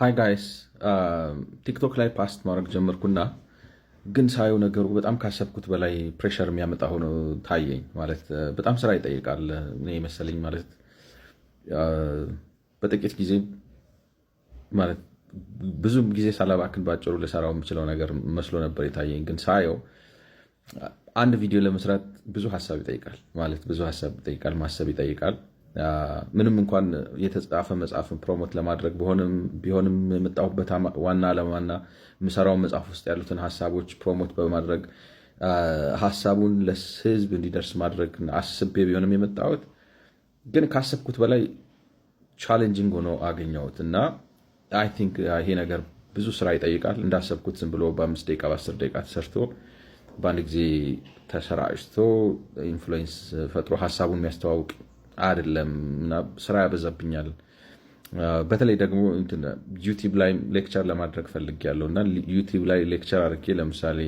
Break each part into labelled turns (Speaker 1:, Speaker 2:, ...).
Speaker 1: ሀይ ጋይስ ቲክቶክ ላይ ፓስት ማድረግ ጀመርኩና ግን ሳየው ነገሩ በጣም ካሰብኩት በላይ ፕሬሸር የሚያመጣ ሆኖ ታየኝ። ማለት uh, በጣም ስራ ይጠይቃል እኔ መሰለኝ። ማለት uh, በጥቂት ጊዜ ማለት ብዙም ጊዜ ሳላባክን ባጭሩ ልሰራው የምችለው ነገር መስሎ ነበር የታየኝ። ግን ሳየው አንድ ቪዲዮ ለመስራት ብዙ ሀሳብ ይጠይቃል። ማለት ብዙ ሀሳብ ይጠይቃል፣ ማሰብ ይጠይቃል ምንም እንኳን የተጻፈ መጽሐፍን ፕሮሞት ለማድረግ ቢሆንም የመጣሁበት ዋና ዓላማና የምሰራውን መጽሐፍ ውስጥ ያሉትን ሀሳቦች ፕሮሞት በማድረግ ሀሳቡን ለህዝብ እንዲደርስ ማድረግ አስቤ ቢሆንም የመጣሁት ግን ካሰብኩት በላይ ቻሌንጂንግ ሆኖ አገኘሁት እና አይ ቲንክ ይሄ ነገር ብዙ ስራ ይጠይቃል። እንዳሰብኩት ዝም ብሎ በአምስት ደቂቃ በአስር ደቂቃ ተሰርቶ በአንድ ጊዜ ተሰራጭቶ ኢንፍሉዌንስ ፈጥሮ ሀሳቡን የሚያስተዋውቅ አይደለም፣ ስራ ያበዛብኛል። በተለይ ደግሞ ዩቲብ ላይ ሌክቸር ለማድረግ ፈልጌያለሁ እና ዩቲብ ላይ ሌክቸር አድርጌ ለምሳሌ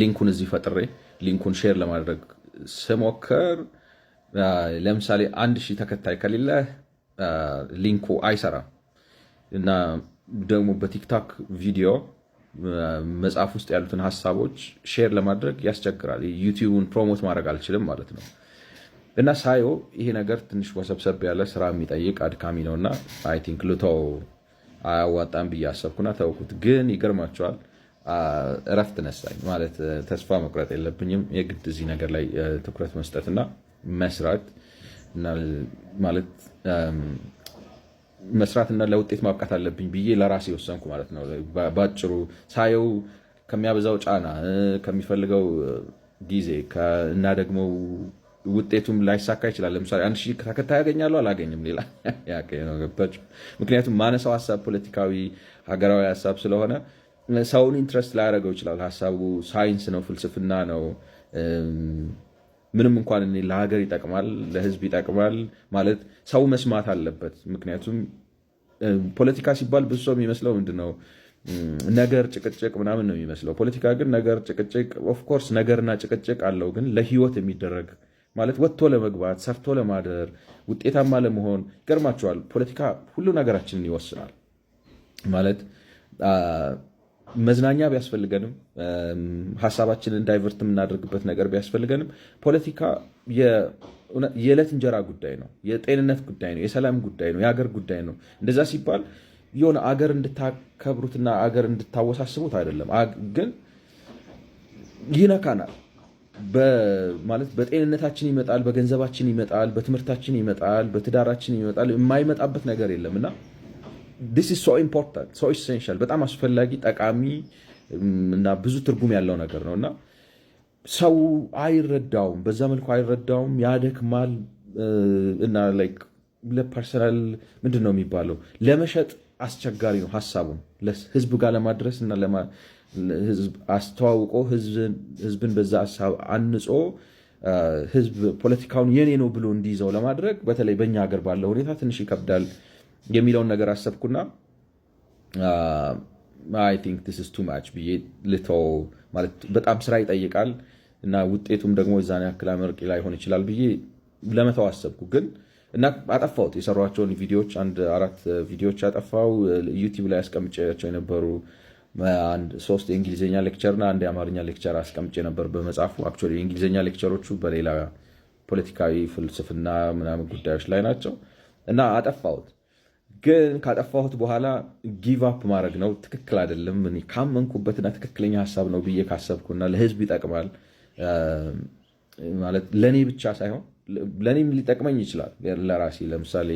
Speaker 1: ሊንኩን እዚህ ፈጥሬ ሊንኩን ሼር ለማድረግ ስሞክር ለምሳሌ አንድ ሺህ ተከታይ ከሌለ ሊንኩ አይሰራም እና ደግሞ በቲክታክ ቪዲዮ መጽሐፍ ውስጥ ያሉትን ሀሳቦች ሼር ለማድረግ ያስቸግራል። ዩቲዩብን ፕሮሞት ማድረግ አልችልም ማለት ነው። እና ሳየው ይሄ ነገር ትንሽ ወሰብሰብ ያለ ስራ የሚጠይቅ አድካሚ ነውና አይ ቲንክ ልተው አያዋጣም ብዬ አሰብኩና ተውኩት። ግን ይገርማቸዋል እረፍት ነሳኝ። ማለት ተስፋ መቁረጥ የለብኝም የግድ እዚህ ነገር ላይ ትኩረት መስጠትና መስራት ማለት መስራትና ለውጤት ማብቃት አለብኝ ብዬ ለራሴ ወሰንኩ ማለት ነው። ባጭሩ ሳየው ከሚያበዛው ጫና ከሚፈልገው ጊዜ እና ደግሞ ውጤቱም ላይሳካ ይችላል። ለምሳሌ አንድ ሺህ ተከታይ ያገኛለሁ አላገኝም፣ ሌላ ገብታችሁ። ምክንያቱም ማነሳው ሀሳብ ፖለቲካዊ ሀገራዊ ሀሳብ ስለሆነ ሰውን ኢንትረስት ላያደርገው ይችላል። ሀሳቡ ሳይንስ ነው፣ ፍልስፍና ነው። ምንም እንኳን እኔ ለሀገር ይጠቅማል፣ ለህዝብ ይጠቅማል ማለት ሰው መስማት አለበት። ምክንያቱም ፖለቲካ ሲባል ብዙ ሰው የሚመስለው ምንድን ነው ነገር ጭቅጭቅ ምናምን ነው የሚመስለው። ፖለቲካ ግን ነገር ጭቅጭቅ ኦፍኮርስ ነገርና ጭቅጭቅ አለው፣ ግን ለህይወት የሚደረግ ማለት ወጥቶ ለመግባት ሰርቶ ለማደር ውጤታማ ለመሆን ይገርማቸዋል። ፖለቲካ ሁሉ ነገራችንን ይወስናል። ማለት መዝናኛ ቢያስፈልገንም ሀሳባችንን ዳይቨርት የምናደርግበት ነገር ቢያስፈልገንም ፖለቲካ የዕለት እንጀራ ጉዳይ ነው፣ የጤንነት ጉዳይ ነው፣ የሰላም ጉዳይ ነው፣ የሀገር ጉዳይ ነው። እንደዛ ሲባል የሆነ አገር እንድታከብሩትና አገር እንድታወሳስቡት አይደለም፣ ግን ይነካናል ማለት በጤንነታችን ይመጣል፣ በገንዘባችን ይመጣል፣ በትምህርታችን ይመጣል፣ በትዳራችን ይመጣል። የማይመጣበት ነገር የለም እና ዲስ ኢዝ ሶ ኢምፖርታንት ሶ ኢሴንሻል በጣም አስፈላጊ ጠቃሚ እና ብዙ ትርጉም ያለው ነገር ነው እና ሰው አይረዳውም፣ በዛ መልኩ አይረዳውም፣ ያደክማል እና ለፐርሰናል ምንድን ነው የሚባለው ለመሸጥ አስቸጋሪ ነው ሀሳቡን ህዝብ ጋር ለማድረስ እና አስተዋውቆ ህዝብን በዛ ሀሳብ አንጾ ህዝብ ፖለቲካውን የኔ ነው ብሎ እንዲይዘው ለማድረግ በተለይ በእኛ ሀገር ባለው ሁኔታ ትንሽ ይከብዳል የሚለውን ነገር አሰብኩና አይ ቲንክ ዲስ ኢዝ ቱ ማች ብዬ ልተው። ማለት በጣም ስራ ይጠይቃል እና ውጤቱም ደግሞ የዛን ያክል አመርቂ ላይሆን ይችላል ብዬ ለመተው አሰብኩ። ግን እና አጠፋሁት። የሰሯቸውን ቪዲዮዎች አንድ አራት ቪዲዮዎች አጠፋው። ዩቲዩብ ላይ አስቀምጫቸው የነበሩ ሶስት የእንግሊዝኛ ሌክቸር እና አንድ የአማርኛ ሌክቸር አስቀምጬ ነበር በመጽሐፉ። አክቹዋሊ የእንግሊዝኛ ሌክቸሮቹ በሌላ ፖለቲካዊ ፍልስፍና ምናምን ጉዳዮች ላይ ናቸው እና አጠፋሁት። ግን ካጠፋሁት በኋላ ጊቭ አፕ ማድረግ ነው ትክክል አይደለም። ካመንኩበትና ትክክለኛ ሀሳብ ነው ብዬ ካሰብኩና ለህዝብ ይጠቅማል ማለት ለእኔ ብቻ ሳይሆን ለእኔም ሊጠቅመኝ ይችላል። ለራሴ ለምሳሌ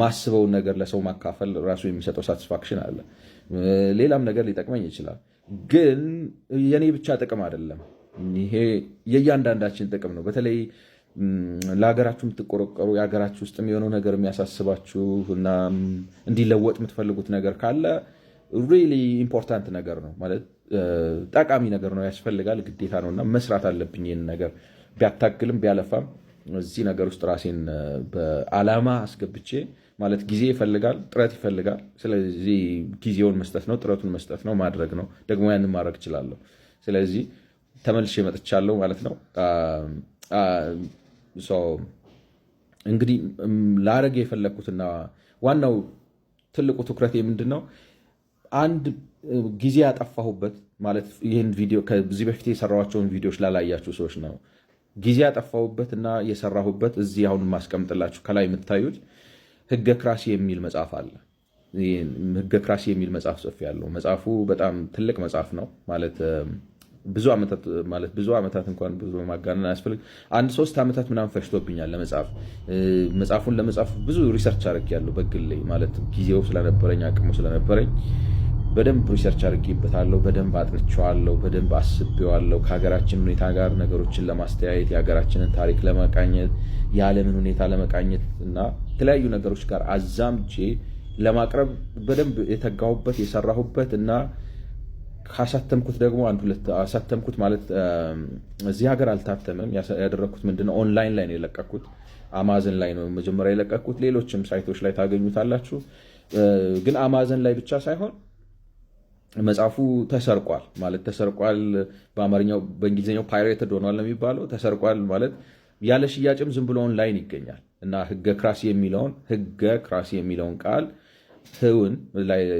Speaker 1: ማስበውን ነገር ለሰው ማካፈል ራሱ የሚሰጠው ሳቲስፋክሽን አለ። ሌላም ነገር ሊጠቅመኝ ይችላል። ግን የኔ ብቻ ጥቅም አይደለም። ይሄ የእያንዳንዳችን ጥቅም ነው። በተለይ ለሀገራችሁ የምትቆረቆሩ የሀገራችሁ ውስጥ የሚሆነው ነገር የሚያሳስባችሁ እና እንዲለወጥ የምትፈልጉት ነገር ካለ ሪሊ ኢምፖርታንት ነገር ነው ማለት ጠቃሚ ነገር ነው፣ ያስፈልጋል፣ ግዴታ ነው እና መስራት አለብኝ ይህን ነገር ቢያታክልም ቢያለፋም እዚህ ነገር ውስጥ ራሴን በዓላማ አስገብቼ ማለት ጊዜ ይፈልጋል፣ ጥረት ይፈልጋል። ስለዚህ ጊዜውን መስጠት ነው፣ ጥረቱን መስጠት ነው፣ ማድረግ ነው። ደግሞ ያንን ማድረግ እችላለሁ። ስለዚህ ተመልሼ መጥቻለሁ ማለት ነው። እንግዲህ ላረግ የፈለግኩትና ዋናው ትልቁ ትኩረት ምንድን ነው? አንድ ጊዜ ያጠፋሁበት ማለት ይህን ቪዲዮ ከዚህ በፊት የሰራኋቸውን ቪዲዮዎች ላላያችሁ ሰዎች ነው ጊዜ ያጠፋሁበት እና የሰራሁበት እዚህ አሁን ማስቀምጥላችሁ ከላይ የምታዩት ህገ ክራሲ የሚል መጽሐፍ አለ። ህገ ክራሲ የሚል መጽሐፍ ጽፍ ያለው መጽሐፉ በጣም ትልቅ መጽሐፍ ነው ማለት ብዙ ማለት ብዙ ዓመታት እንኳን ብዙ ማጋነን አያስፈልግ አንድ ሶስት ዓመታት ምናምን ፈሽቶብኛል ለመጽሐፍ መጽሐፉን ለመጽሐፍ ብዙ ሪሰርች አድርጌያለሁ በግሌ ማለት ጊዜው ስለነበረኝ አቅሙ ስለነበረኝ በደንብ ሪሰርች አድርጌበታለሁ፣ በደንብ አጥንቼዋለሁ፣ በደንብ አስቤዋለሁ። ከሀገራችን ሁኔታ ጋር ነገሮችን ለማስተያየት የሀገራችንን ታሪክ ለመቃኘት የዓለምን ሁኔታ ለመቃኘት እና የተለያዩ ነገሮች ጋር አዛምቼ ለማቅረብ በደንብ የተጋሁበት የሰራሁበት እና ካሳተምኩት ደግሞ አንድ ሁለት አሳተምኩት። ማለት እዚህ ሀገር አልታተምም። ያደረግኩት ምንድነው ኦንላይን ላይ ነው የለቀኩት። አማዘን ላይ ነው መጀመሪያ የለቀኩት። ሌሎችም ሳይቶች ላይ ታገኙታላችሁ። ግን አማዘን ላይ ብቻ ሳይሆን መጽሐፉ ተሰርቋል ማለት ተሰርቋል፣ በአማርኛው በእንግሊዝኛው ፓይሬትድ ሆኗል የሚባለው ተሰርቋል ማለት ያለ ሽያጭም ዝም ብሎ ኦንላይን ይገኛል እና ህገ ክራሲ የሚለውን ህገ ክራሲ የሚለውን ቃል ህውን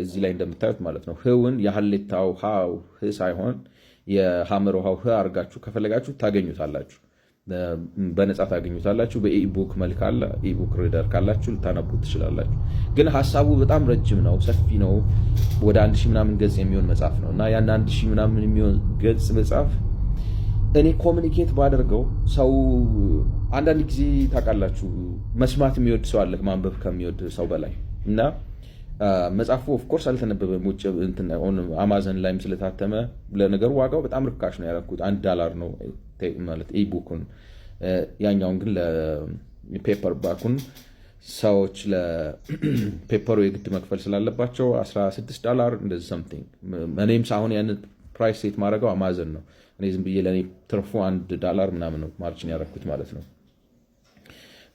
Speaker 1: እዚህ ላይ እንደምታዩት ማለት ነው ህውን የሀሌታው ሀው ህ ሳይሆን የሐመር ውሃው ህ አድርጋችሁ ከፈለጋችሁ ታገኙታላችሁ። በነጻ ታገኙታላችሁ። በኢቡክ መልክ አለ። ኢቡክ ሪደር ካላችሁ ልታነቡት ትችላላችሁ። ግን ሀሳቡ በጣም ረጅም ነው፣ ሰፊ ነው። ወደ አንድ ሺህ ምናምን ገጽ የሚሆን መጽሐፍ ነው እና ያን አንድ ሺህ ምናምን የሚሆን ገጽ መጽሐፍ እኔ ኮሚኒኬት ባደርገው ሰው አንዳንድ ጊዜ ታውቃላችሁ፣ መስማት የሚወድ ሰው አለ ማንበብ ከሚወድ ሰው በላይ እና መጽሐፉ ኦፍኮርስ አልተነበበም፣ ውጭ አማዘን ላይም ስለታተመ ለነገሩ ዋጋው በጣም ርካሽ ነው ያደረኩት፣ አንድ ዳላር ነው ማለት ኢቡኩን። ያኛውን ግን ለፔፐር ባኩን ሰዎች ለፔፐሩ የግድ መክፈል ስላለባቸው 16 ዳላር እንደዚህ ሰምቲንግ። እኔም ሳሁን ያን ፕራይስ ሴት ማድረገው አማዘን ነው። እኔ ዝም ብዬ ለእኔ ትርፉ አንድ ዳላር ምናምን ነው ማርችን ያደረኩት ማለት ነው።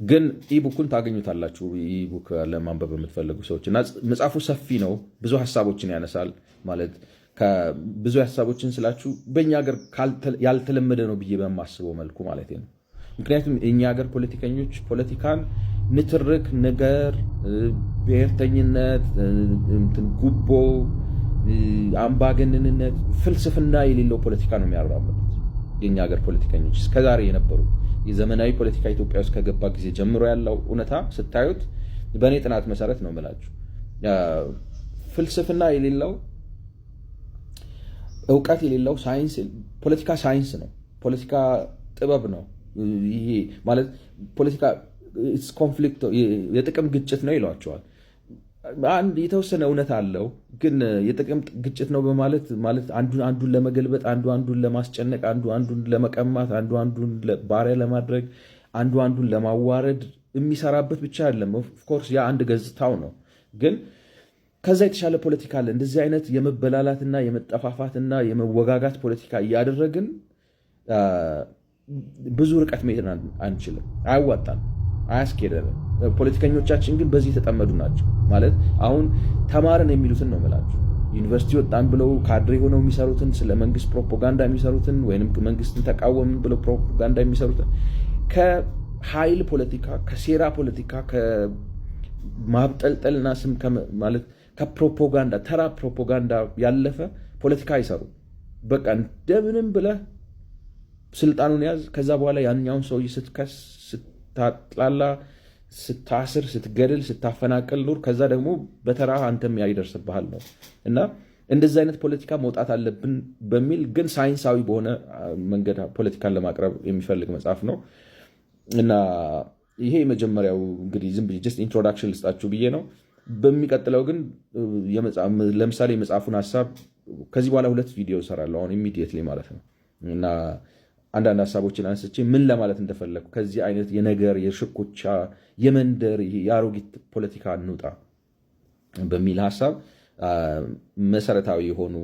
Speaker 1: ግን ኢቡኩን ታገኙታላችሁ። ኢቡክ ለማንበብ የምትፈልጉ ሰዎች እና መጽሐፉ ሰፊ ነው፣ ብዙ ሀሳቦችን ያነሳል። ማለት ብዙ ሀሳቦችን ስላችሁ በእኛ ሀገር ያልተለመደ ነው ብዬ በማስበው መልኩ ማለት ነው። ምክንያቱም እኛ ሀገር ፖለቲከኞች ፖለቲካን ንትርክ፣ ነገር፣ ብሔርተኝነት፣ ጉቦ፣ አምባገነንነት፣ ፍልስፍና የሌለው ፖለቲካ ነው የሚያራምዱት የእኛ ሀገር ፖለቲከኞች እስከዛሬ የነበሩት የዘመናዊ ፖለቲካ ኢትዮጵያ ውስጥ ከገባ ጊዜ ጀምሮ ያለው እውነታ ስታዩት በእኔ ጥናት መሰረት ነው ምላችሁ ፍልስፍና የሌለው እውቀት የሌለው ሳይንስ ፖለቲካ ሳይንስ ነው። ፖለቲካ ጥበብ ነው። ይሄ ማለት ፖለቲካ ኮንፍሊክት የጥቅም ግጭት ነው ይሏቸዋል። የተወሰነ እውነት አለው፣ ግን የጥቅም ግጭት ነው በማለት ማለት አንዱ አንዱን ለመገልበጥ አንዱ አንዱን ለማስጨነቅ አንዱ አንዱን ለመቀማት አንዱ አንዱን ባሪያ ለማድረግ አንዱ አንዱን ለማዋረድ የሚሰራበት ብቻ አይደለም። ኦፍኮርስ ያ አንድ ገጽታው ነው፣ ግን ከዛ የተሻለ ፖለቲካ አለ። እንደዚህ አይነት የመበላላትና የመጠፋፋትና የመወጋጋት ፖለቲካ እያደረግን ብዙ ርቀት መሄድ አንችልም። አያዋጣም፣ አያስኬደንም። ፖለቲከኞቻችን ግን በዚህ የተጠመዱ ናቸው። ማለት አሁን ተማርን የሚሉትን ነው የምላቸው። ዩኒቨርሲቲ ወጣን ብለው ካድሬ ሆነው የሚሰሩትን ስለ መንግስት ፕሮፓጋንዳ የሚሰሩትን ወይም መንግስትን ተቃወምን ብለው ፕሮፓጋንዳ የሚሰሩትን ከሀይል ፖለቲካ፣ ከሴራ ፖለቲካ፣ ከማብጠልጠልና ስም ማለት ከፕሮፓጋንዳ ተራ ፕሮፓጋንዳ ያለፈ ፖለቲካ አይሰሩ። በቃ እንደምንም ብለህ ስልጣኑን ያዝ። ከዛ በኋላ ያኛውን ሰውዬ ስትከስ ስታጥላላ ስታስር፣ ስትገድል፣ ስታፈናቀል ኑር። ከዛ ደግሞ በተራ አንተም ያይደርስብሃል ነው እና እንደዚህ አይነት ፖለቲካ መውጣት አለብን በሚል ግን ሳይንሳዊ በሆነ መንገድ ፖለቲካን ለማቅረብ የሚፈልግ መጽሐፍ ነው እና ይሄ የመጀመሪያው እንግዲህ ዝም ብዬ ጀስት ኢንትሮዳክሽን ልስጣችሁ ብዬ ነው። በሚቀጥለው ግን ለምሳሌ የመጽሐፉን ሀሳብ ከዚህ በኋላ ሁለት ቪዲዮ እሰራለሁ አሁን ኢሚዲየትሊ ማለት ነው እና አንዳንድ ሀሳቦችን አንስቼ ምን ለማለት እንደፈለግኩ ከዚህ አይነት የነገር የሽኩቻ የመንደር የአሮጊት ፖለቲካ እንውጣ በሚል ሀሳብ መሰረታዊ የሆኑ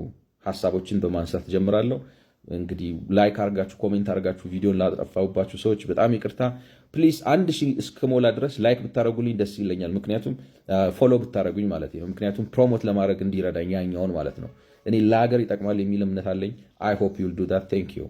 Speaker 1: ሀሳቦችን በማንሳት ጀምራለሁ። እንግዲህ ላይክ አርጋችሁ ኮሜንት አርጋችሁ ቪዲዮን ላጠፋሁባችሁ ሰዎች በጣም ይቅርታ። ፕሊስ አንድ ሺህ እስክሞላ ድረስ ላይክ ብታደረጉልኝ ደስ ይለኛል። ምክንያቱም ፎሎ ብታደረጉኝ ማለት ነው። ምክንያቱም ፕሮሞት ለማድረግ እንዲረዳኝ ያኛውን ማለት ነው። እኔ ለሀገር ይጠቅማል የሚል እምነት አለኝ። አይ ሆፕ ዩል ዱ ዳት ቴንክ ዩ